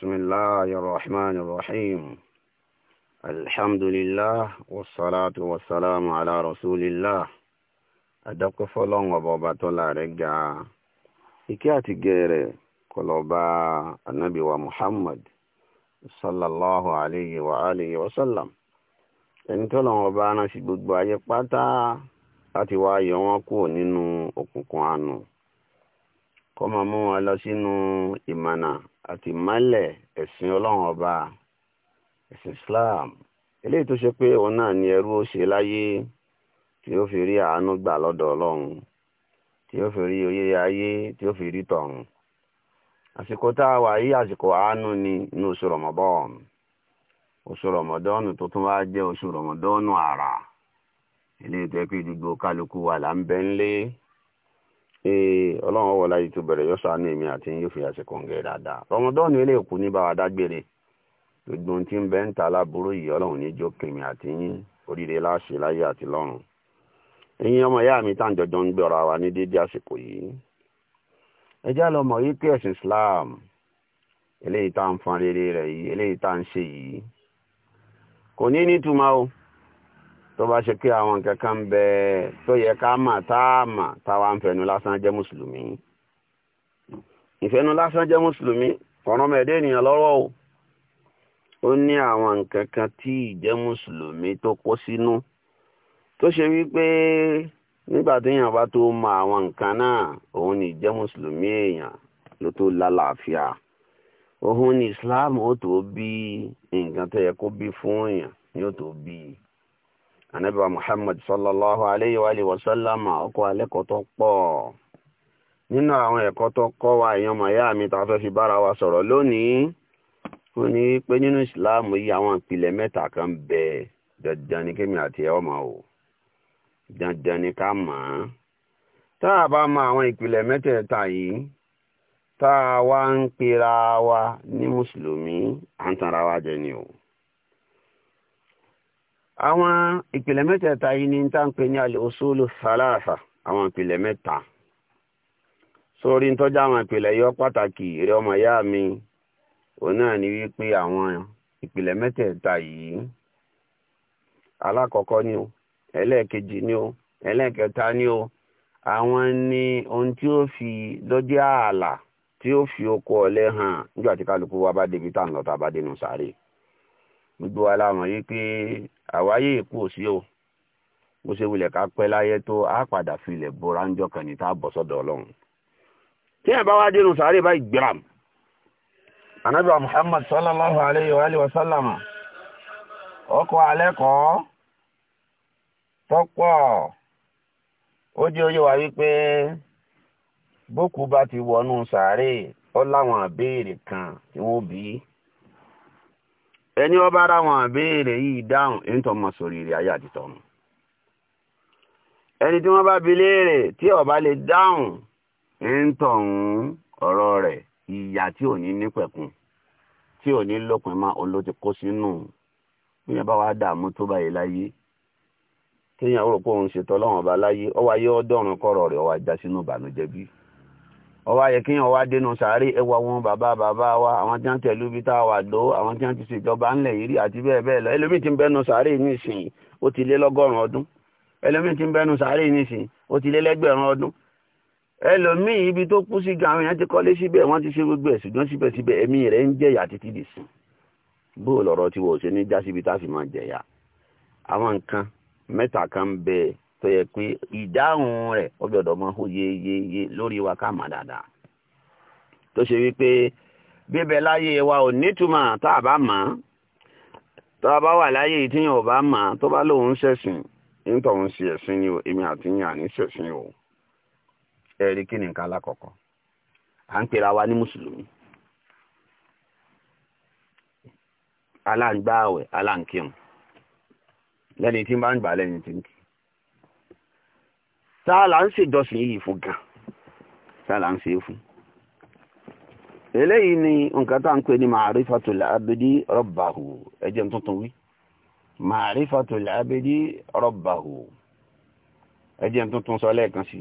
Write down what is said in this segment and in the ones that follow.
بسم الله الرحمن الرحيم الحمد لله والصلاة والسلام على رسول الله أدق فلان وبابا تولا رجع إكياتي غير قلوبا النبي ومحمد صلى الله عليه وآله وسلم ẹni tọ́lọ̀ wọn bá rán sí gbogbo ayé pátá láti wá yọ wọn kúrò nínú òkùnkùn àánú kọ́ máa mú wọn lọ sínú ìmọ̀nà àti ìmálẹ̀ ẹ̀sìn ọlọ́run ọba ẹ̀sìn Islam eléyìí tó ṣe pé òun náà ni ẹrú ó ṣe láyé tí ó fi rí àánú gbà lọ́dọ̀ ọlọ́run tí ó fi rí oyè ayé tí ó fi rí tọ̀run àsìkò tá a wà yìí àsìkò àánú ni inú oṣù rọmọbọ́ọ̀nù oṣù rọmọdọ́ọ̀nù tó tún wá jẹ́ oṣù rọmọdọ́ọ̀nù àrà eléyìí tó yẹ pé gbogbo kálukú wà là ọlọ́run ọwọ́ láyé tó bẹ̀rẹ̀ yọ́sọ àánú èmi àti yóò fi àṣẹ kọ̀ǹgẹ̀ dáadáa rọmọdọ́ọ̀nù ilé ìkú ní bá wa dágbére gbogbo ohun tí ń bẹ ń ta aláburú yìí ọlọ́run níjó kèmí àti yín oríire láṣẹ láyé àti lọ́run ẹ̀yin ọmọ ìyá mi táǹjọjọ ń gbé ọ̀rọ̀ àwa ní dédé àsìkò yìí ẹ já lọ mọ̀ yí pé ẹ̀sìn Islam eléyìí tá à ń fọn rere rẹ̀ yìí eléyìí tá à ń ṣe yìí kò ní nítumọ̀ o tó bá ṣe pé àwọn nǹkan kan ń bẹ tó yẹ ká mà tá a mà táwa ń fẹnu lásán jẹ́ mùsùlùmí ìfẹnu lásán jẹ́ mùsùlùmí ọ̀rọ̀ mẹ́ẹ̀dẹ́ ènìyàn lọ́rọ̀ o ó ní àwọn nǹkan kan tí ìjẹ́ mùsùlùmí tó kó sínú tó ṣe wípé nígbà téèyàn bá tó mọ àwọn nǹkan náà òun ni ìjẹ́ mùsùlùmí èèyàn ló tó lálàáfíà òun ni Islam ó tó bí nǹkan tó yẹ kó bí fún èèyàn ni ó tó bí anabiwa muhammad sallallahu alayhi wa alihi wa sallam ọkọ alẹ́kọ̀ọ́ tó pọ̀ nínú àwọn ẹ̀kọ́ tó kọ́ wa èèyàn màyá mi tá a fẹ́ fi bára wa sọ̀rọ̀ lónìí ó ní pé nínú ìsìláàmù yìí àwọn ìpìlẹ̀ mẹ́ta kan bẹ dandan ni kémi àti ọmọ o dandan ni ká mọ̀ ọ́n tá a bá mọ àwọn ìpìlẹ̀ mẹ́tẹ̀ẹ̀ta yìí tá a wá ń pera wa ní mùsùlùmí à ń tanra wa jẹ ni o. àwọn ìpìlẹ̀ mẹ́tẹ̀ẹ̀ta yìí ni tá ń pè ní al-usulu àwọn ìpìlẹ̀ mẹ́ta sórí tọ́jà àwọn ìpìlẹ̀ yọ pàtàkì eré ọmọ ìyá mi òun náà ni wípé àwọn ìpìlẹ̀ mẹ́tẹ̀ẹ̀ta yìí alákọ̀ọ́kọ́ ni o ẹlẹ́ẹ̀kejì ni o ẹlẹ́ẹ̀kẹta ni o àwọn ni ohun tí ó fi lọ́jọ́ ààlà tí ó fi oko ọ̀lẹ́ hàn nígbà tí kálukú wa bá débi tá gbogbo wa láwọn yìí pé àwáyé èkó sí o bó ṣe wulẹ̀ ká pẹ́ láyé tó á padà filẹ̀ bora ń jọkàn ní tá a bọ̀ sọ́dọ̀ ọlọ́run tí ẹ̀ bá wá dénú sàárè báyìí gbéram anabi muhammad sallallahu alayhi wa alihi wa sallam ọkọ̀ alẹ́ kọ́ tọ́pọ̀ ó jẹ́ oyé wa wípé bókú bá ti wọnú sàárè ó láwọn àbéèrè kan tí wọ́n bí i ẹni ó bá ráwọn àbéèrè yìí dáhùn ẹ̀ńtọ́ mọ̀ sórí rẹ̀ ayé àtìtọ́ mu ẹni tí wọ́n bá bi léèrè tí ó bá lè dáhùn ẹ̀ńtọ́ ọ̀rọ̀ rẹ̀ ìyà tí ò ní nípẹ̀kun tí ò ní lópin máa olóti kó sínú ìyẹn bá wá dààmú tó báyìí láyé kéèyàn rò pé òun ṣètò ọlọ́run ọba láyé ọwọ́ ayé ọdọ́run kọ́rọ̀ rẹ̀ ọwọ́ ajá sínú ìbànújẹ́ bíi ọwá yẹ kí ọwá dénú sàárè ẹwà wọn bàbá bàbá wa àwọn tí wọ́n tẹ̀lú bí tá a wà lọ àwọn tí wọ́n ti ṣèjọba ńlẹ̀ yìí rí àti bẹ́ẹ̀ bẹ́ẹ̀ lọ ẹlòmíì ti ń bẹ́nu sàárè ní ìsìn ó ti lé lọ́gọ́rùn-ún ọdún ẹlòmíì ti ń bẹ́nu sàárè ní ìsìn ó ti lé lẹ́gbẹ̀rún ọdún ẹlòmíì ibi tó kú sí gan àwọn èèyàn ti kọ́lé síbẹ̀ wọ́n ti ṣe gbogbo ẹ̀ ṣùgbọ́n síbẹ̀síbẹ̀ ẹ̀mí rẹ̀ ń jẹ̀yà títí dì sí bó lọ̀rọ̀ tí wọ́n ṣe ní jásíbi tá a fi máa jẹ̀yà àwọn nǹkan mẹ́ta kan bẹ́ẹ̀ tó yẹ pé ìdáhùn rẹ̀ ó gbọ́dọ̀ mọ ó yé yé yé lórí wa ká mà dáadáa tó ṣe wípé bíbẹ láyé wa ò nítumọ̀ tá a bá mọ̀ tó a bá wà láyé ìtìyàn ò bá mọ̀ tó bá lóun ṣẹ̀sìn nítorí ṣe ẹ̀sìn ni èmi àti yín àní ṣẹ̀sìn o ẹ̀rí kí ni nǹkan alákọ̀ọ́kọ́ à ń pera wa ní mùsùlùmí aláǹgbáwẹ̀ aláǹkírun lẹ́ni tí ń bá ń gbà lẹ́ni tí ń kí sáàlà ń ṣèjọsìn yìí fún gan sáàlà ń ṣe fún eléyìí ni nǹkan tá à ń pè ní ma'rifatul abdi rabbahu ẹjẹ tuntun wí ma'rifatul abdi rabbahu ẹjẹ tuntun sọ lẹ́ẹ̀kan sí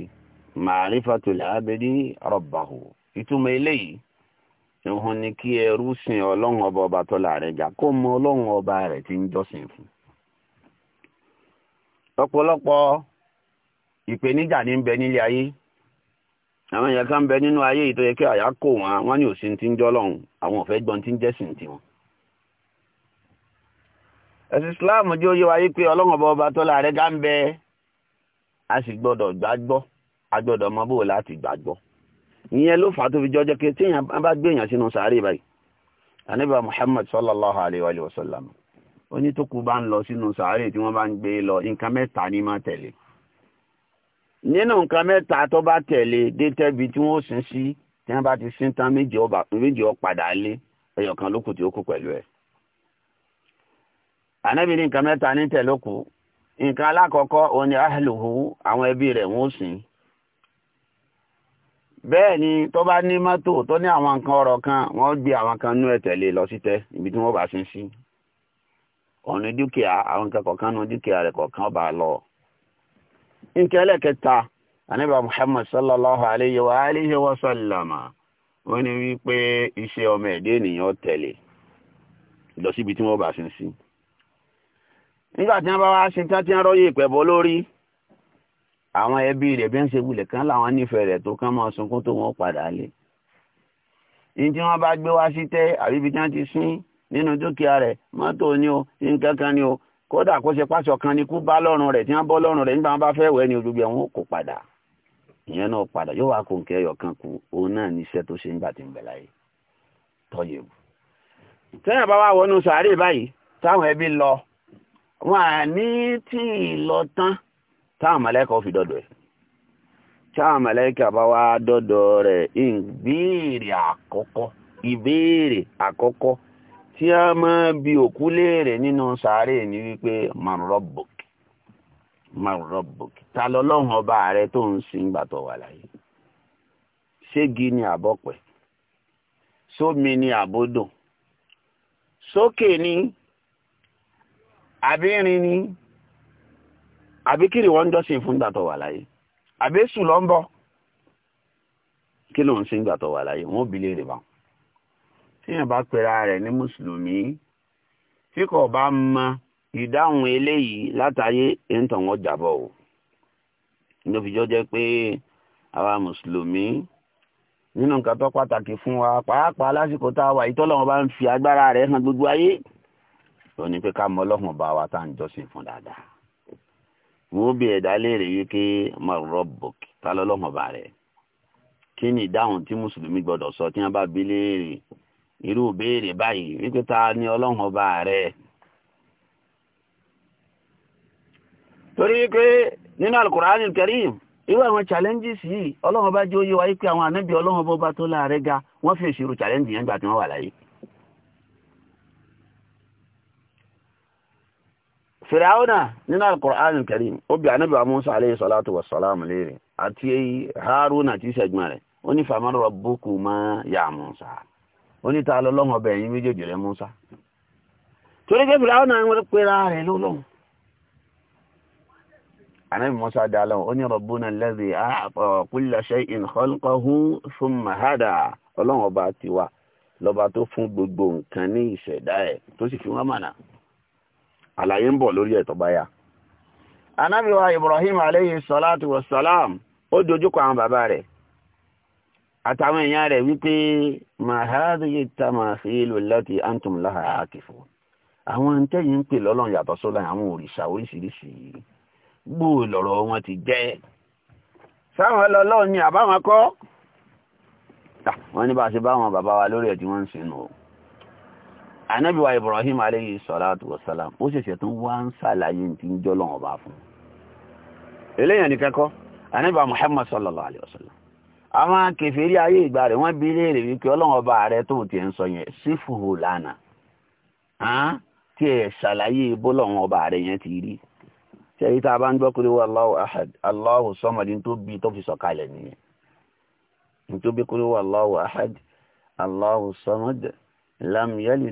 ma'rifatul abdi rabbahu ìtumọ̀ eléyìí ìhun ni kí ẹrú sin ọlọ́run ọba ọba tó kó mọ ọba rẹ̀ ti ń fún ìpèníjà ní ń bẹ nílé ayé àwọn èèyàn kan ń bẹ nínú ayé yìí tó yẹ kí àyà kò wọn wọn ní òsín tí ń jọ lọ́hùn àwọn òfẹ́ gbọ́n tí ń jẹ́sìn tiwọn. ẹ̀sìn Islam jẹ́ oyé wáyé pé ọlọ́run ọba ọba tó láàrẹ́ gá ń bẹ a sì gbọ́dọ̀ gbàgbọ́ a gbọ́dọ̀ mọ bó láti gbàgbọ́. ìyẹn ló fà á tó fi jọjọ́ pé téèyàn bá gbé èèyàn sínú sàárè báyìí ànábì Muhammad sallallahu alayhi wa sallam oní tó kú bá ń lọ sínú sàárè tí wọ́n bá nínú nǹkan mẹ́ta tó bá tẹ̀lé dé tẹ́bi tí wọ́n sin sí tí wọ́n bá ti sin tán méjì ó padà lé ẹyọ kan lókù tí ó kù pẹ̀lú ẹ̀. ànábì ní nǹkan mẹ́ta ní tẹ̀lókù nǹkan alákọ̀ọ́kọ́ òun ni ahluhu àwọn ẹbí rẹ̀ wọ́n sìn. bẹ́ẹ̀ ni tó bá ní mọ́tò tó ní àwọn nǹkan ọ̀rọ̀ kan wọ́n gbé àwọn kan nú ẹ̀ tẹ̀lé lọ sí tẹ́ ibi tí wọ́n bá sin sí. ọ̀nà dúkìá àwọn nǹkan kọ̀ọ̀kan nǹkan ẹlẹ́kẹta anịba muhammad sallallahu alayhi wa alihi wa sallama wọ́n ní wípé iṣẹ́ ọmọ ẹ̀dẹ́ ènìyàn tẹ̀lé sin si nígbà tí wọ́n bá wá ṣe tí wọ́n rọ́yè ìpẹ̀bọ lórí àwọn ẹbí rẹ̀ bí wọ́n ṣe wulẹ̀ kán láwọn nífẹ̀ẹ́ rẹ̀ tó kán máa sunkún tó wọ́n padà lé ní tí sin nínú dúkìá ni o ni o kódà kó ṣe pásọ kan ni kú bá lọ́rùn rẹ̀ tí wọ́n bọ́ lọ́rùn rẹ̀ nígbà wọn bá fẹ́ wẹ̀ ni gbogbo ẹ̀wọ̀n kò padà ìyẹn náà padà yóò wá kó nǹkan ẹyọ kan kú òun náà níṣẹ́ tó ṣe nígbà tí ń bẹ láyé tọ́yẹ̀ bù. tẹ́yìn bá wà wọnú sàárè báyìí táwọn ẹbí lọ wọn à ní tí ì lọ tán táwọn mọ̀lẹ́kà fi dọ́dọ̀ ẹ̀ táwọn mọ̀lẹ́kà bá wá dọ́dọ̀ rẹ̀ ìbéèrè àkọ́kọ́ ìbéèrè tí a máa bi òkú léèrè nínú sàárè ni wípé marobok marobok ta lọ́lọ́run ọba ààrẹ tó ń sin ìgbà tó wà láyé ségi ni àbọ̀pẹ̀ sómi ni àbódò sókè ni àbírin ni àbíkiri wọ́n jọ́sìn fún ìgbà tó wà láyé àbésù lọ́nbọ̀ kí ló ń sin ìgbà tó wà láyé wọ́n bi léèrè báwọn. tíyàn bá pera rẹ̀ ní mùsùlùmí tí kò bá mọ ìdáhùn eléyìí látàyé ẹ̀ńtàn wọn jàbọ̀ o ló fi jọ jẹ́ pé àwa mùsùlùmí nínú nǹkan tó pàtàkì fún wa pàápàá lásìkò tá a wà ìtọ́lọ́wọ́n bá ń fi agbára rẹ̀ hàn gbogbo ayé ó ní pé ká mọ ọlọ́run bá wa tá à ń jọ́sìn fún dáadáa wọ́n bí ẹ̀dá léèrè wípé marobok ta lọ́lọ́run bá rẹ̀ kí ni ìdáhùn tí mùsùlùmí gbọ́dọ̀ sọ tí wọ́n bá bi léèrè irú béèrè báyìí wípé ta ni ọlọ́run ọba rẹ̀ torí pé nínú alukur'an karim irú àwọn challenges yìí ọlọ́run ọba jẹ́ oyé wa pé àwọn ànábì ọlọ́run ọba tó láàrẹ ga wọ́n fi ìṣirò challenge yẹn gbà tí wọ́n wà láyé nínú wa musa aleyhi salatu wa salam léèrè àti haruna tí sẹ́gbọ́n rẹ̀ ó ní faman rabbukuma ya musa oníta lọ́lọ́hùn ọbẹ̀ yìí méjèèjì rẹ̀ Musa torí pé fìlà ọ̀nà àwọn pera rẹ̀ lọ́lọ́hùn anabi Musa dá lọ́wọ́ ó ní rabbuna allazi a'ta kulla shay'in khalqahu thumma hada ọlọ́hùn ọba tiwa lọ́ba tó fún gbogbo nǹkan ní ìṣẹ̀dá ẹ̀ tó sì fi wọ́n mọ̀nà ó dojúkọ àwọn bàbá rẹ̀ àtàwọn èèyàn rẹ̀ wípé mahadiyé tamasil lati antum laha akifu àwọn ntẹ́yìn ń pè lọ́lọ́run yàtọ̀ sọ́lá àwọn òrìṣà oríṣiríṣi gbòò lọ́rọ̀ wọn ti jẹ́ sáwọn ọlọ́run ni àbáwọn kọ́ wọ́n ní bá ṣe bá wọn bàbá wa lórí ẹ̀ tí wọ́n ń sinú o ànábì wa ibrahim aleyhi salatu wasalam ó ṣẹ̀ṣẹ̀ tó wá ń ṣàlàyé tí ń jọ́ bá fún eléyàn ní kẹ́kọ́ ànábì muhammad sallallahu alayhi wa sallam àwọn kẹfìrí ayé ìgbà rẹ̀ wọn bí léèrè wípé ọlọ́run ọba rẹ̀ tó tiẹ̀ ń sọ yẹn sífùhù lánàá tí ẹ ṣàlàyé bó ọba rẹ̀ yẹn ti rí ṣẹ́yí tá a bá ń gbọ́ kúrò Allahu ahad tó bí tó fi sọ̀kalẹ̀ nìyẹn tó bí kúrò ahad Allahu samad lam ìròyìn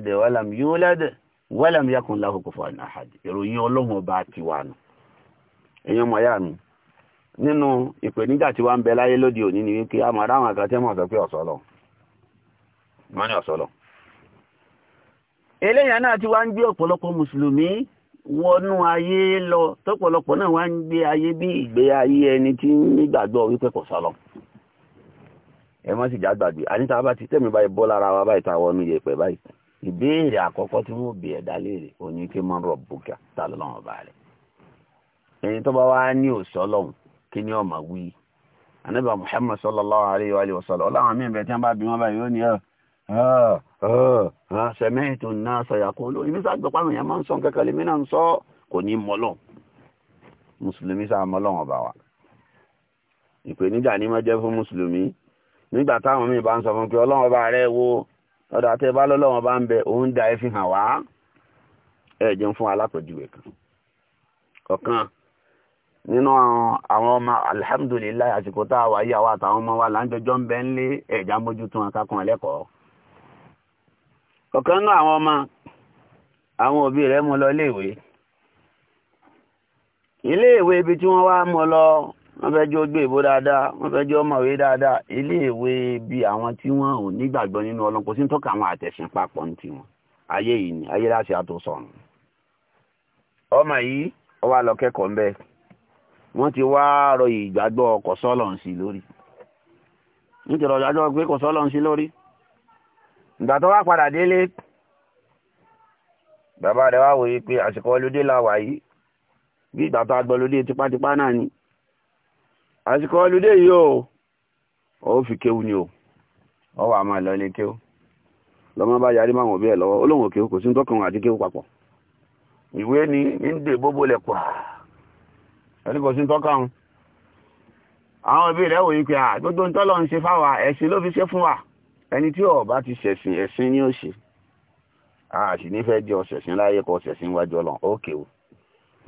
ọba ti wà nù nínú ìpèníjà tí wá ń bẹ láyé lóde òní ni wípé a máa ráwọn tí ẹmọ sọ pé ní eléyàn náà ti wá ń gbé ọ̀pọ̀lọpọ̀ mùsùlùmí wọnú ayé lọ tọ́pọ̀lọpọ̀ náà wá ń gbé ayé bí ìgbé ayé ẹni tí nígbàgbọ́ wípé kò ẹ má sì tẹ̀mí báyìí bọ́ wa báyìí báyìí ìbéèrè àkọ́kọ́ kí ni ọmọ wí anábà muhammad sallallahu alayhi wa sallam ọlọ́run mi bẹ̀ tí wọ́n bá bí wọ́n báyìí ó ní ọ́ ah, ah, ah, sẹ̀mẹ́ẹ̀tì náà sọ̀yàkó olóyún ibi sáà gbọ́pá àwòyàn máa ń sọ kẹ́kẹ́ lèmi náà ń sọ kò ní mọ́lọ́ mùsùlùmí sáà mọ́lọ́ wọn bá wa ìpèníjà ni wọ́n jẹ́ fún mùsùlùmí nígbà táwọn míì bá ń sọ fún pé ọlọ́run bá rẹ̀ wo ọ̀dà tẹ́ bá lọ́lọ́run bá ń bẹ òun dà ẹ́ fi hàn wá ẹ̀ jẹun fún alápèjúwe kan ọ̀kan nínú àwọn ọmọ alhamdulilayi àsìkò tá a wà yí àwọn àtàwọn ọmọ wa láńjọjọ ń bẹ ń lé ẹ̀já mójútó wọn kákan ẹlẹ́kọ̀ọ́ ọ̀kan náà àwọn ọmọ àwọn òbí rẹ̀ mú lọ iléèwé iléèwé ibi tí wọ́n wá mú lọ wọ́n fẹ́ jọ gbé ìbò dáadáa wọ́n fẹ́ jọ mọ̀wé dáadáa iléèwé bí àwọn tí wọ́n ò nígbàgbọ́ nínú ọlọ́run kò sí ń tọ́ka àwọn àtẹ̀sìn papọ̀ ní tiwọn ayé yìí ni ayé láti àtò sọ̀rùn ọmọ yìí ó wá lọ kẹ́kọ̀ọ́ ń bẹ́ẹ̀ wọ́n ti wá rọ ìgbàgbọ́ ọkọ̀ ń sí lórí wọ́n ti rọ ìgbàgbọ́ pé kò sọ́lọ̀ ń sí lórí ìgbà tó wá padà délé bàbá rẹ̀ wá wòye pé àsìkò ọlọ́dé la wà yìí bí ìgbà tó agbọ́lódé tipátipá náà ni àsìkò ọlọ́dé yìí o ó fi kéwu ni o ó wà máa lọ ilé kéwu lọ́mọ bá yarí máa wọ̀n bí ẹ̀ lọ́wọ́ olóhùn òkè kò sí ní tọkàn àti kéwu papọ̀ ìwé ni ń dè bóbó lẹ̀ pọ̀ torí kò sí tọ́ka wọn àwọn òbí rẹ̀ wòye pé à gbogbo ń tọ́lọ ń ṣe fáwa ẹ̀sìn ló fi ṣe fún wa ẹni tí ó bá ti ṣẹ̀sìn ẹ̀sìn ni ó ṣe a sì nífẹ̀ẹ́ jẹ́ ọ̀sẹ̀sìn láyé kọ ọ̀sẹ̀sìn wájú ọlọ́run ó kéwò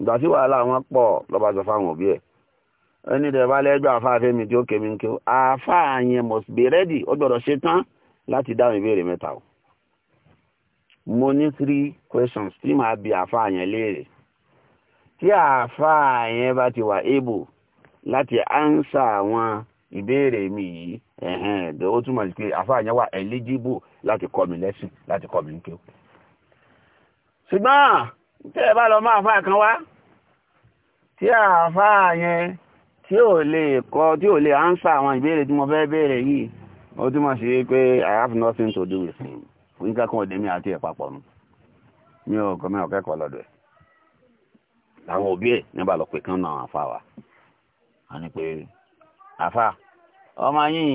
ìgbà tí wàhálà wọn pọ̀ lọ́ba sọ fáwọn òbí ẹ̀ ẹni rẹ̀ bá lẹ́gbẹ́ àfa fẹ́mi tí ó kémi ń kéwò yẹn must be ready ó gbọ́dọ̀ ṣe tán láti dáhùn ìbéèrè mẹ́ta o mo ní three questions tí màá bi àfa yẹn léèrè tí àáfàá yẹn bá ti wà ébò láti ánsà àwọn ìbéèrè mi yìí ẹ̀hẹ́n ó túmọ̀ sí pé àáfàá yẹn wà eligible láti kọ́ mi lẹ́sìn láti kọ́ mi nké. ṣùgbọ́n tẹ́ ẹ bá lọ máa fà kan wá tí àáfàá yẹn tí ò lè kọ́ tí ò lè ánsà àwọn ìbéèrè tí mo fẹ́ béèrè yìí ó túmọ̀ sí pé I have nothing to do with him nǹkan kan ò dé mi àti ẹ̀ papọ̀ nù mi ò kọ́ mi ò kẹ́kọ̀ọ́ lọ́dọ̀ ẹ̀ làwọn òbí ẹ̀ nígbà lọ pé kán náà àfa wa a ní pé àfa ọmọ yín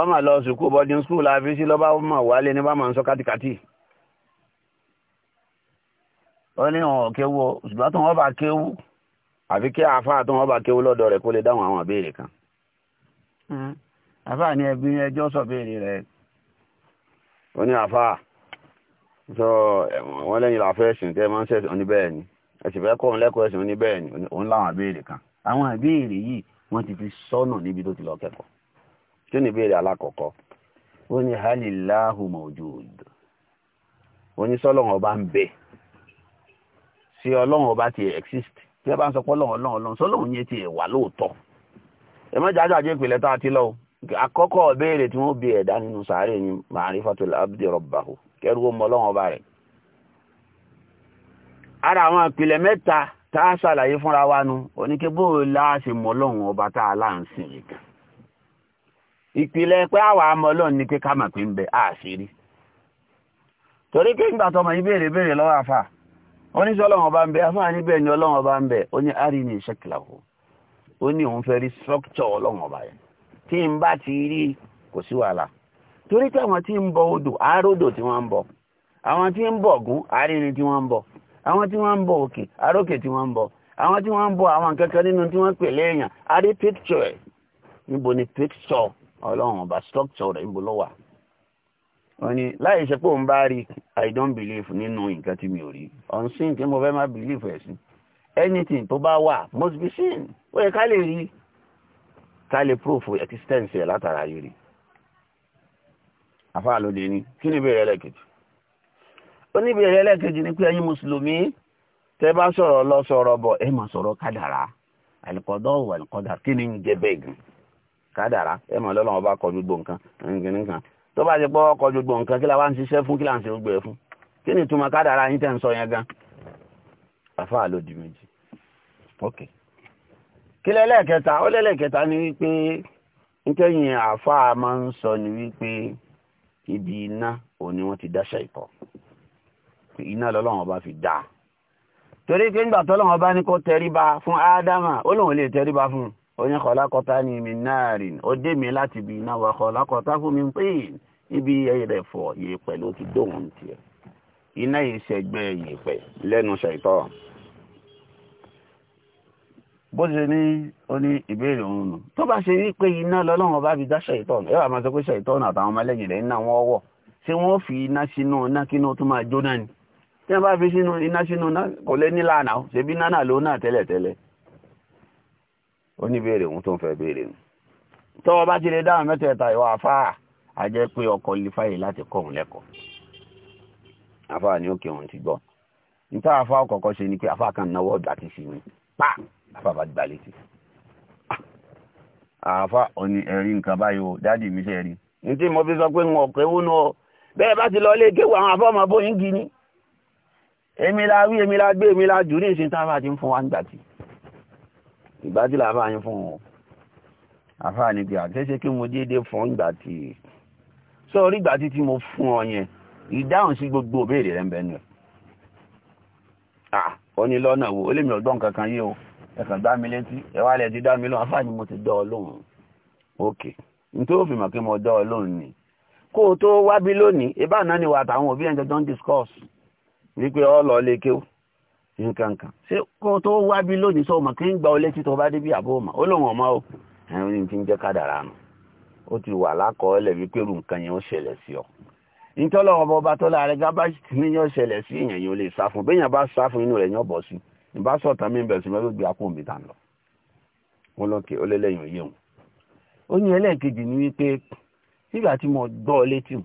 ọmọ lọ sùkú boarding school àfi sí lọ́ba ọmọ wálé ní bá máa ń sọ kátikàtì ó ní ọ̀hún kéwú ṣùgbọ́n tó wọ́n bá kéwú àfi kí àfa tó wọ́n bá kéwú lọ́dọ̀ rẹ̀ kó lè dáhùn àwọn àbẹ́rẹ́ kan hmm. àfà ní ẹbí ẹjọ́ sọ̀bẹ̀rẹ̀ rẹ̀. ó ní àfà sọ wọ́n lẹ́yìn làfẹ́ ṣìǹkẹ́ máa ń ṣẹ̀ṣẹ̀ oníbẹ̀ẹ́ ni ẹ̀sìn fẹ́ kọ́ òun lẹ́kọ̀ọ́ ẹ̀sìn òní bẹ́ẹ̀ ni òun láwọn àbẹ́ẹ̀rẹ̀ kan àwọn àbẹ́ẹ̀rẹ̀ yìí wọ́n ti fi sọ́nà níbi tó ti lọ kẹ́kọ̀ọ́ tí ó ní ìbéèrè alákọ̀ọ́kọ́ ó ní halilahu mawjud ó ní sọ́lọ́run ọba ń bẹ sí ọlọ́run ọba ti exist tí ẹ bá ń sọ pé ọlọ́run ọlọ́run ọlọ́run sọ́lọ́run yẹn ti wà lóòótọ́ ẹ má jájọ́ àjẹ́ ìpìlẹ̀ tá a ti lọ àkọ́kọ́ ìbéèrè tí wọ́n bí ẹ̀dá nínú sàárè ní ma'rifatul abdi rabbahu kẹ́rù ó mọ ọlọ́run ọba rẹ̀ ara àwọn ìpìlẹ̀ mẹ́ta tá a ṣàlàyé fúnra wa nu oníkébó láàṣẹ mọ́lọ́hún ọba tá a láǹsìn nìkan ìpìlẹ̀ pé àwa mọ́lọ́hún ni pé ká pé ń bẹ àṣírí torí pé ìgbà tọmọ yìí lọ́wọ́ ọlọ́run ọba ń bẹ níbẹ̀ ni ọlọ́run ọba ń ó ní àrí ní ó ní òun fẹ́ rí àwọn tí wọ́n ń bọ òkè àrókè tí wọ́n ń bọ àwọn tí wọ́n ń bọ àwọn kankan nínú tí wọ́n pè léèyàn a rí picture ẹ̀ níbo ni picture ọlọ́run ọba structure rẹ̀ níbo ló wà wọ́n ní láì ṣe pé òun bá rí i don't believe nínú nǹkan tí mi ò rí unseen tí mo fẹ́ má believe ẹ̀ sí anything tó bá wà must be seen ó yẹ ká lè rí ká lè proof existence ẹ̀ látara yìí rí àfáà ló dé ní kí ni ìbéèrè ẹlẹ́kẹ̀tì. oníbèrè ẹlẹ́ẹ̀kejì ni pé ẹ̀yin mùsùlùmí tẹ́ bá sọ̀rọ̀ lọ sọ̀rọ̀ bọ̀ ẹ máa sọ̀rọ̀ kádàrá àlùkọ́dọ̀ kadara àlùkọ́dà kí ni ń jẹ bẹ́ẹ̀ gan kádàrá ẹ máa lọ́lọ́ wọn bá kọ gbogbo nǹkan nǹkan tó bá ti pọ́ kọ gbogbo nǹkan kí la fún kí la ń ṣe fún kí ni ìtumọ̀ yín ń gan méjì ok kí lẹ́lẹ́kẹta ó pé iná lọ́lọ́wọ́n bá fi dá torí pé nígbà tọ́lọ́wọ́n bá ní kó tẹríba fún ádámà ó lóun lè tẹríba fún oyin kọlákọta ní mi náà ó dé mi láti ibi iná wa kọlákọta fún mi pé ibi ẹ̀rẹ̀fọ̀ yìí pẹ̀lú ti dóhun tiẹ̀ iná ìṣẹ̀gbẹ́ yìí pẹ̀ lẹ́nu ṣàìtọ́ bó ṣe ní ó ní ìbéèrè òun nù tó bá ṣe wípé iná lọ́lọ́run bá fi dá ṣàìtọ́nù ẹwà máa sọ pé ṣàìtọ́nù àtàwọn ọmọlẹ́yìn rẹ̀ ń ná wọ́n ṣé wọ́n fi iná sínú iná kí iná tó máa jóná ni tí wọ́n bá fi sínú iná sínú náà kò lé ní lánàá ó ṣe bí nánà ló náà tẹ́lẹ̀tẹ́lẹ̀ ó ní béèrè òun tó ń fẹ́ béèrè mu tọ́wọ́ bá ti lè dáhùn mẹ́tẹ̀ẹ̀ta ìwà àfáà a jẹ́ pé ọkọ̀ lífàyè láti kọ́ òun lẹ́kọ̀ọ́ àfáà ní òkè òun ti gbọ́ níta àfáà ọkọ̀ọ̀kọ́ ṣe ni pé àfáà kan náwó ọ̀dà ti sí pa àfáà bá gbà létí àfáà ó ẹ̀rí nǹkan báyìí o dáàdì mi ṣe rí ní tí mo fi sọ pé ń ọ̀kẹ́wó náà bẹ́ẹ̀ bá ti lọ ilé kéwù àwọn àfáà ọmọ bóyá ń gi ni èmi la wí èmi la gbé èmi la jù ní ìsìn táfà ti ń fún wa nígbàtí ìgbàtí làfà yín fún wọn àfà ní pé àkẹ́ṣe kí mo dédé fún ìgbàtí sọ orí ìgbàtí tí mo fún ọ yẹn ìdáhùn sí gbogbo òbéèrè rẹ̀ ń bẹnu ẹ̀ ó ní lọ́nà wo ó lè mi ọgbọ́n kankan yé o ẹ̀kàn dá mi létí ẹ̀wá lẹ̀ ti dá mi lóhùn àfà ni mo ti dá ọ lóhùn òkè nítorí òfin mọ̀ kí mo dá ọ lóhùn ni kó o tó wábí lónìí ìbáà náà ni wà táwọn òbí ẹ̀ discuss wípé ọlọ lékè ó nǹkan kan ṣé kó tó wá bí lónìí sọ ọmọ kí ń gba ọ létí tó bá dé bí àbó ọmọ ó lóun ọmọ o ẹni tí ń jẹ kádàrá nù ó ti wà lákọọ́lẹ̀ wípé irú nǹkan yẹn ó ṣẹlẹ̀ sí ọ nítọ́lọ́ ọmọ ọba gábá ní sí èèyàn lè sá fún béèyàn bá sá fún inú bọ̀ sí sọ̀tàn bẹ̀rẹ̀ sí gbé mi lọ wọn ó ní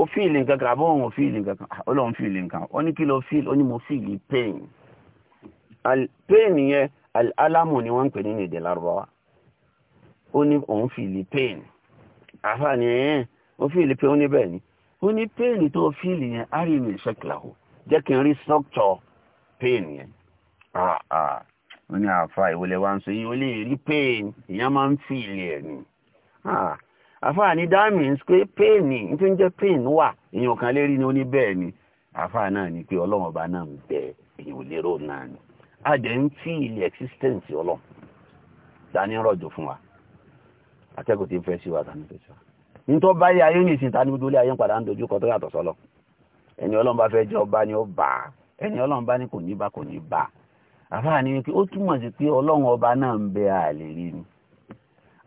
O fíìlì nǹkan kan àbọ̀ òun fíìlì nǹkan kan ah, ọlọ́run fíìlì nǹkan ó ní kí lọ fíìlì ó ní mo fíìlì pain pain yẹn alamu ni wọ́n ń pè ní èdè lárúbáwá ó ní òun fíìlì pain àfààní ẹ̀yẹn ó fíìlì pain ó ní bẹ́ẹ̀ ni ó ní pain tó fíìlì yẹn arìnrìn ìṣẹ́kìláwò jẹ́ kí n rí structure pain yẹn ah, ah. ó ní àfa ìwọlẹ̀ wa ń sọ yìí ó lè rí pain ìyẹn máa ń fíìlì ẹ̀ ni. àfáàní that pé pain ní tó ń jẹ́ pain wà èèyàn kan ni ó ni àfáà náà ni pé ọba náà ń bẹ èèyàn ò lérò náà ni àjẹ́ ń tí ilẹ̀ existence dání fún wa ń fẹ́ sí wa dání fẹ́ sí wa ayé ní ìsìn tani gbogbo ilé ayé ń padà ń dojú kọ tó yàtọ̀ ẹni bá fẹ́ jẹ́ ni ó bá ẹni ọlọ́run bá ní kò ní bá kò ọba náà ń bẹ àlè rí ni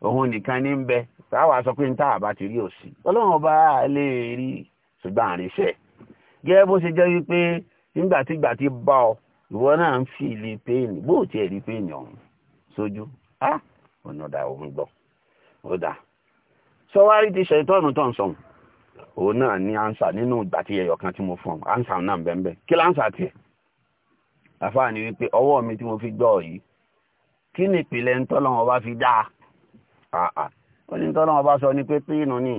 òun nìkan ní ń bẹ táwa sọ pé ń tá àbá ti rí òsì ọlọ́run ọba lè rí ṣùgbọ́n àríṣẹ́ gẹ́gẹ́ bó ṣe jẹ́ wípé nígbàtígbà ti bá ọ ìwọ náà ń fi ilé péènì bó tiẹ̀ rí péènì ọ̀hún sójú á ọ̀nà òun gbọ́ ó dà sọwárí ti ṣe ìtọ́nù tó ń òun náà ní ansa nínú ìgbà tí ẹyọ kan tí mo fún ọ ansa náà bẹ́ẹ̀ kí láǹsà tiẹ̀ àfáà ni wípé ọwọ́ mi tí mo fi gbọ́ yìí kí ni ìpìlẹ̀ ń bá fi dáa àà bá sọ ní pé pínù ní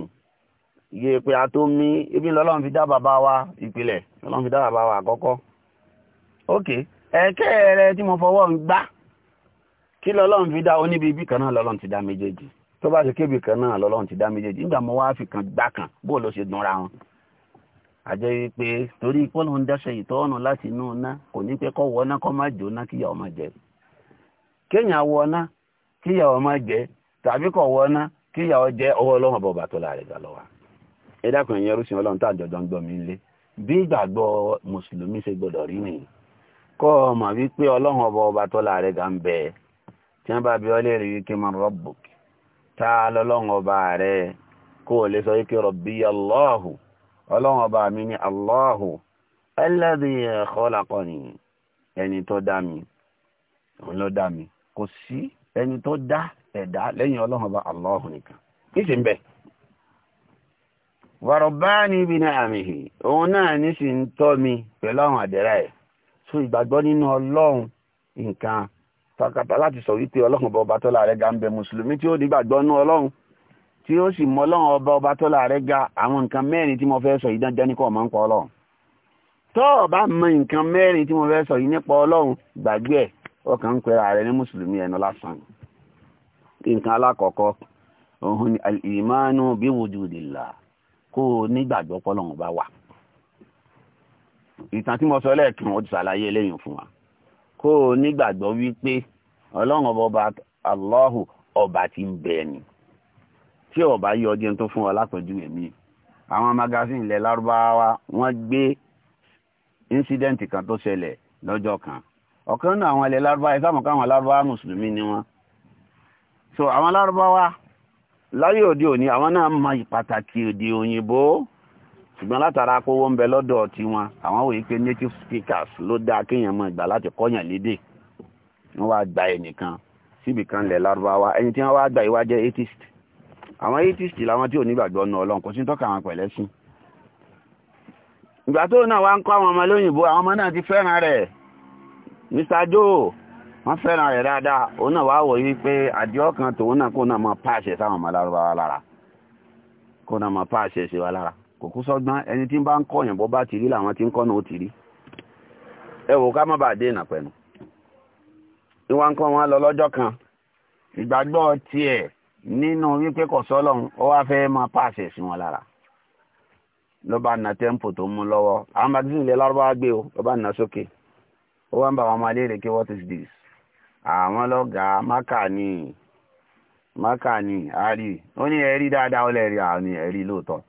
iye pé a tó mí ibi lọ́lọ́run fi dá bàbá wa ìpìlẹ̀ lọ́lọ́run fi dá wa àkọ́kọ́ ok ẹ̀kẹ́ rẹ tí mo fọwọ́ ń gbá kí fi dá oníbi ibi kan náà lọ́lọ́run ti dá méjèèjì tó bá ṣe kébì kan náà lọ́lọ́run ti dá méjèèjì nígbà mo wá fi kan torí tàbí kọ̀ wọ́ná kí ìyàwó jẹ́ ọwọ́ ọlọ́run ọba tó láàrin gbà lọ́wọ́ ẹ dákun ẹ̀yin ẹrúsìn ọlọ́run tá àjọjọ ń gbọ́ mi lé bí ìgbàgbọ́ mùsùlùmí ṣe gbọdọ̀ rí nìyí kọ́ ọ mọ̀ wípé ọlọ́run ọba ọba tó láàrin gbà ń bẹ tí wọ́n bá bí ọ léèrè wípé man rabbuk tá a ọba rẹ kó o lè sọ wípé rabbi Allahu ọlọ́run ọba mi ni Allahu alladhi khalaqani ẹni tó dá ẹ̀dá lẹ́yìn ọlọ́run ọba aláhùn nìkan níṣì ń bẹ̀. wàrọ̀bá ní ibi náà òun náà ń tọ́ mi pẹ̀lú àwọn àdẹ́rà ẹ̀ so ìgbàgbọ́ nínú ọlọ́run nǹkan takata láti sọ wípé ọlọ́run ọba tọ́lá rẹ̀ ga ń mùsùlùmí tí ó ní gbàgbọ́ nínú ọlọ́run tí ó sì ọba ọba tọ́lá rẹ̀ ga àwọn nǹkan mẹ́rin tí mo fẹ́ sọ yìí nǹkan alákọ̀ọ́kọ́ òun ni al-imanu bi kó o nígbàgbọ́ pọ́lọ́run bá ìtàn tí mo sọ lẹ́ẹ̀kan ó ti ṣàlàyé eléyìí fún wa kó o nígbàgbọ́ wípé ọlọ́run ọba ọba ti ń bẹ ni tí ọba yọ ọdún tó fún ọ lápẹjúwe mi àwọn magasin ilẹ̀ lárúbáwá wọ́n gbé incident kan tó ṣẹlẹ̀ lọ́jọ́ kan ọ̀kan àwọn ilẹ̀ lárúbáwá so àwọn alárúbáwá láyé òde òní àwọn náà mọ ìpàtàkì èdè òyìnbó ṣùgbọ́n látara akówó ń bẹ lọ́dọ̀ tiwọn àwọn wòye pé native speakers ló dáa kéèyàn mọ ìgbà láti kọ́yàn lédè wọ́n wá gba ẹnìkan síbi kan lẹ̀ lárúbáwá ẹni tí wọ́n wá gba ìwà jẹ́ atheist àwọn atheist làwọn tí ò nígbàgbọ́ náà ọlọ́run kò sí tọ́ka àwọn pẹ̀lẹ́sìn ìgbà tó náà wá ń kọ́ àwọn ọmọ lóyìnbó àwọn ọmọ náà ti fẹ́ràn rẹ̀ Mr. Joe wọ́n fẹ́ràn rẹ̀ dáadáa òun náà wáá wòye pé àdìọ́kan tòun náà kó náà máa pàṣẹ sáwọn ọmọ alárúbáwá lára kó náà máa pàṣẹ sí wa lára kò kú sọ́gbọ́n ẹni tí ń bá ń kọ̀yìn bọ́ bá ti rí làwọn tí ń kọ́nà ó ti rí ẹ wò ká má bàa dé ìnà pẹ̀lú ìwà ń kọ́ wọn lọ lọ́jọ́ kan ìgbàgbọ́ tiẹ̀ nínú wípé kò sọ́lọ́run ó wá fẹ́ máa pàṣẹ sí wọn lára ló bá na tẹ́ǹpù tó mú lọ́wọ́ àwọn magazine ilẹ̀ lárúbáwá gbé o ló bá na sókè ó wá ń bá wọn máa léèrè kí what is this àwọn lọ́gàá mákà ní mákà ní àárí ó ní ẹ̀rí dáadáa ó lẹ́rí àwọn ẹ̀rí lóòótọ́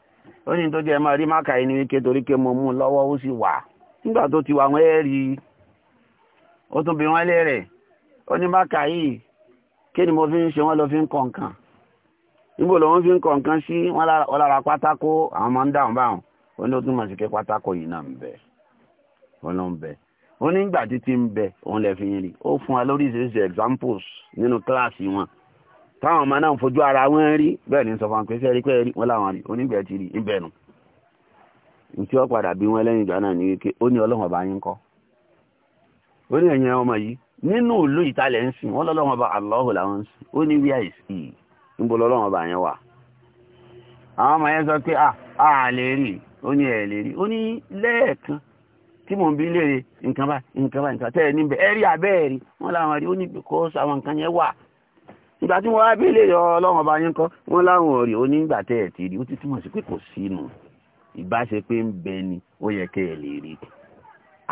ó ní tó jẹ́ máa rí mákà ní wíkẹ́ torí pé mo mú un lọ́wọ́ ó sì wà nígbà tó ti wà wọ́n ẹ̀rí ó tún bí wọ́n lẹ́rẹ̀ ó ní mákà yìí kí ni mo fi ń ṣe wọ́n lọ fi ń kọ̀ǹkan níbo fi ń sí wọ́n lára pátákó àwọn máa ń dáhùn báwọn ó ní ó túmọ̀ sí pátákó yìí náà ń ń wọ́n nígbà títí ń bẹ òun lè fi yín rí ó fún wa lóríṣiríṣi examples nínú kíláàsì wọn táwọn ọmọ náà ń fojú ara wọn rí bẹ́ẹ̀ ni sọ fún pé sẹ́rí pé rí wọn làwọn rí onígbẹ̀ ti rí ibẹ̀ nù tí ó padà bí wọn lẹ́yìn ìgbà náà ní wípé ó ní ọlọ́wọ́n bá yín kọ́ ó ní ẹ̀yìn ọmọ yìí nínú ìlú ìtàlẹ̀ ń sìn wọ́n lọ́lọ́wọ́n bá Allahu làwọn ń sìn ó ní wíyà ìsì níbo lọ́lọ́wọ́n bá yẹn tí mò ń bí léèrè nǹkan bá nǹkan bá nǹkan tẹ́lẹ̀ níbẹ̀ ẹ̀rí abẹ́ẹ̀rí wọ́n làwọn rí ó ní because àwọn nǹkan yẹn wà ìgbà tí wọ́n wá bí léèrè ọlọ́run ọba yẹn kọ́ wọ́n láwọn rí ó ní ìgbà tẹ́ ẹ̀ ti rí ó ti túmọ̀ sí pé kò sínú ìbáṣe pé ń bẹ ni ó yẹ kẹ́ ẹ̀ lè rí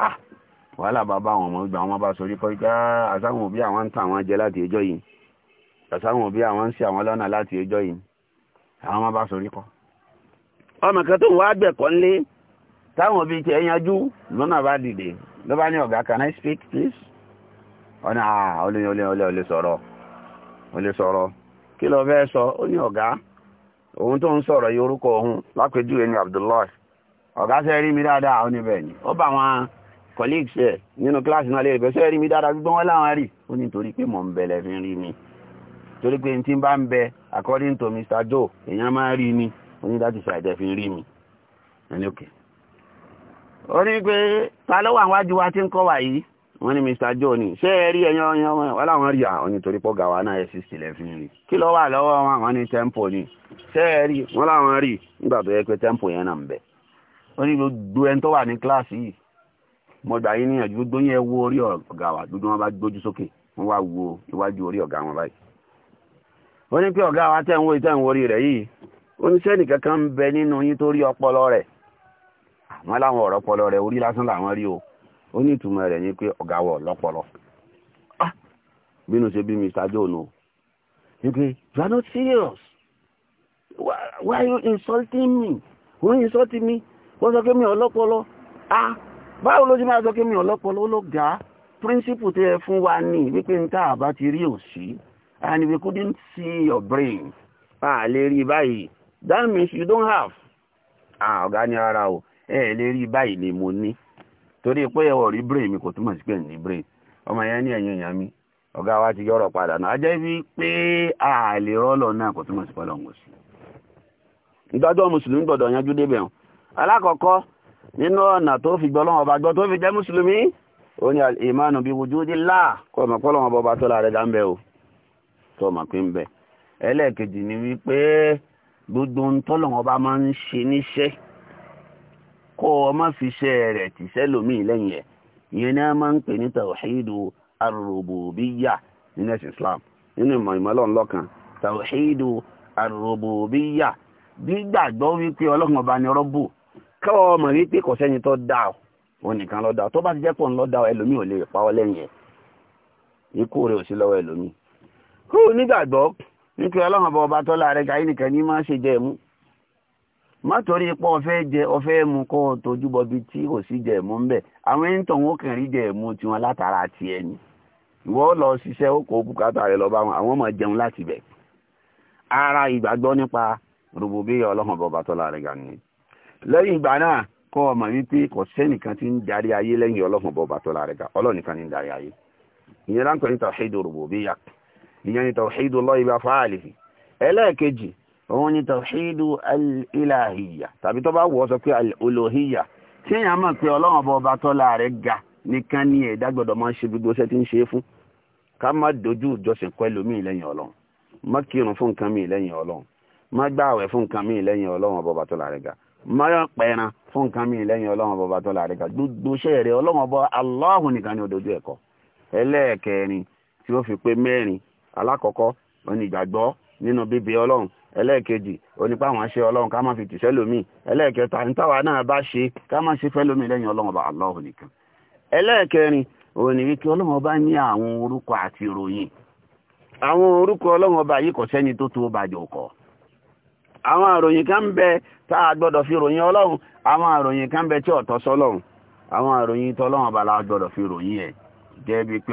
ah wàhálà bàbá àwọn ọmọ ìgbà wọn bá sọ rí kọjá àsáwọn òbí àwọn ń tàn àwọn jẹ láti ẹjọ́ yìí àsáwọn òbí àwọn ń ṣe àwọn lọ́nà láti ẹjọ́ yìí àwọn ọmọ bá sọ rí kọ ọmọ kan tó ń wá gbẹ̀kọ́ ńlé táwọn bíi ti ẹyanjú lọ́nà bá dìde ló bá ní ọ̀gá can I speak please ọ̀nà olè ah, olè olè olè sọ̀rọ̀ olè sọ̀rọ̀ kí ló fẹ́ sọ ó ní ọ̀gá òun tó ń sọ̀rọ̀ yìí orúkọ òun lápèjúwe ní Abdullahi ọ̀gá sẹ́ rí mi dáadáa ó ní bẹ́ẹ̀ ni ó bá wọn colleagues ẹ̀ nínú kíláàsì náà léèrè bẹ́ẹ̀ sẹ́ rí mi dáadáa gbígbọ́n wọn láwọn rí ó ní torí pé mò ń bẹ̀lẹ̀ fi rí mi torí pé n tí bá ń bẹ according to Mr. Joe èèyàn máa rí mi ó ní that is why they fi rí mi ẹni òkè. Okay ó ní pé ta ló wà níwájú wa tí ń kọ́ wà yìí wọ́n ní Mr. Joe ni ṣé ẹ rí ẹyan ọyàn wọn wọ́n láwọn rí àwọn nítorí pọ́ gàwá náà ẹ̀sì sílẹ̀ fi rí kí ló wà lọ́wọ́ wọn àwọn ní tempo ni ṣé ẹ rí wọ́n láwọn rí nígbà tó yẹ pé tempo yẹn náà ń bẹ ó ní gbogbo ẹni tó wà ní kíláàsì yìí mo gbà yín níyànjú gbogbo yẹn wo orí ọ̀gá wa dúdú wọn bá gbójú sókè wọ́n wá wo iwájú orí ọ̀gá wọn báyìí ó ní pé ọ̀gá wa tẹ̀ ń wo ìtẹ̀ ń wo orí rẹ̀ yìí ó ní sẹ́nìkankan ń bẹ nínú yín tó rí ọpọlọ rẹ̀ wọ́n láwọn ọ̀rọ̀ pọlọ rẹ̀ orí lásán làwọn rí o ó ní ìtumọ̀ rẹ̀ ní pé ọ̀gá wọ̀ lọ́pọlọ ah! bínú ṣe bí Mr. John o you you are not serious why, are you insulting me wọ́n ń insulting me wọ́n sọ pé mi ọlọ́pọlọ ah báwo ló ti máa sọ pé mi ọlọ́pọlọ ó lọ gà á principle tẹ́ ẹ fún wa ní wípé n tá a ti rí òsì and we couldn't see your brain Ah, lè rí báyìí that means you don't have ah ọ̀gá ni rárá o. e lè rí báyìí ni mo ní torí pé ẹ wọ̀ rí brain mi kò túmọ̀ sí pé ní brain ọmọ yẹn ní ẹ̀yìn ọ̀gá wa ti yọ̀rọ̀ padà náà ajẹ́ bí pé a rọ́lọ̀ náà kò túmọ̀ sí pé ọlọ́run kò sí. ìdájọ́ mùsùlùmí gbọ́dọ̀ yanjú débẹ̀ hàn alákọ̀ọ́kọ́ nínú ọ̀nà tó fi gbọ́ lọ́wọ́ ọba gbọ́ tó fi jẹ́ mùsùlùmí ó ní ìmánu o mọ̀ pé ń ẹlẹ́ẹ̀kejì ni wípé gbogbo kó o má fi iṣẹ́ rẹ̀ tìṣẹ́ lòmíì lẹ́yìn ẹ̀ ìyẹn ni a máa ń pè ní tawhidu arububiyya nínú ẹ̀sìn Islam nínú ìmọ̀ ìmọ̀lọ́n lọ́kan tawhidu arububiyya gbígbàgbọ́ wípé ọlọ́run ọba ni rọ́bù kọ́ ọ mọ̀ wípé kò sẹ́ni tó dá ọ onìkan ló dá ọ tó bá ti jẹ́ pọ̀ ń ló ẹlòmíì ò lè pa ọ lẹ́yìn ẹ̀ ikú rẹ̀ ò sí lọ́wọ́ ẹlòmíì kó nígbàgbọ́ wípé ọlọ́run ọba tọ́lá rẹ̀ gáyé nìkan ní máa ṣe jẹ́ ẹ̀mú ma torí pé jẹ ọfẹ́ mu kọ́ tojúbọ tí kò sí jẹ mú mbẹ àwọn ẹni tọ̀hún rí jẹ mú tiwọn látara tiẹ̀ ni ìwọ lọ ṣiṣẹ́ ó kó rẹ lọ bá wọn àwọn ọmọ jẹun láti ara ìgbàgbọ́ nípa rògbòbíyà ọlọ́hàn bọ̀bà tọ́lá rẹ̀ gani lẹ́yìn ìgbà náà kọ́ ọmọ wípé kò sẹ́nìkan tí ń darí ayé lẹ́yìn ọlọ́hàn ọlọ́nìkan ń darí ayé òun ni tọ̀ṣídù al tàbí tó bá wọ́ sọ pé al-olóhiyya tí èèyàn mọ̀ pé ọlọ́run ọba ọba tọ́lá rẹ̀ ga nìkan máa ń ṣe gbogbo tí ń ṣe fún ká má dojú ìjọsìn kọ́ ẹlòmíì lẹ́yìn ọlọ́run má kírun fún nǹkan míì lẹ́yìn ọlọ́run má gbààwẹ̀ fún nǹkan míì ọba ga má pẹran fún fi pé mẹ́rin alákọ̀ọ́kọ́ ìgbàgbọ́ nínú bíbí ẹlẹ́ẹ̀kejì onípa àwọn ṣe ọlọ́run ká má fi tìṣẹ́ lómi ẹlẹ́ẹ̀kẹta nítawà náà bá ṣe ká má ṣe fẹ́ lómi lẹ́yìn ọlọ́run ọba aláhùn nìkan ẹlẹ́ẹ̀kẹrin òní wípé ọlọ́run ọba ní àwọn orúkọ àti ìròyìn àwọn orúkọ ọlọ́run ọba yìí kò sẹ́ni tó tó a fi ròyìn ọlọ́run àwọn àròyìn kan bẹ tí ọ̀tọ́ sọlọ́run la fi ròyìn ẹ̀ jẹ́ bíi pé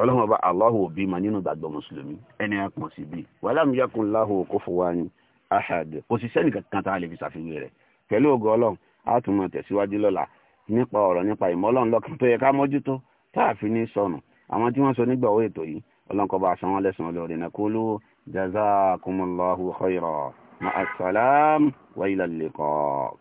ọlọ́run ọba Allahu òbí ma nínú ìgbàgbọ́ mùsùlùmí ẹni a pọ̀ síbi walam yakun lahu kufuwan ahad kò sì sẹ́nì kankan tá a lè fi ṣàfiwé rẹ̀ pẹ̀lú ògo ọlọ́run a tún máa tẹ̀síwájú lọ́la nípa ọ̀rọ̀ nípa ìmọ̀ ọlọ́run lọ́kàn tó yẹ ká mójútó tá a fi ní sọnù àwọn tí wọ́n sọ nígbà owó ètò yìí ọlọ́run kó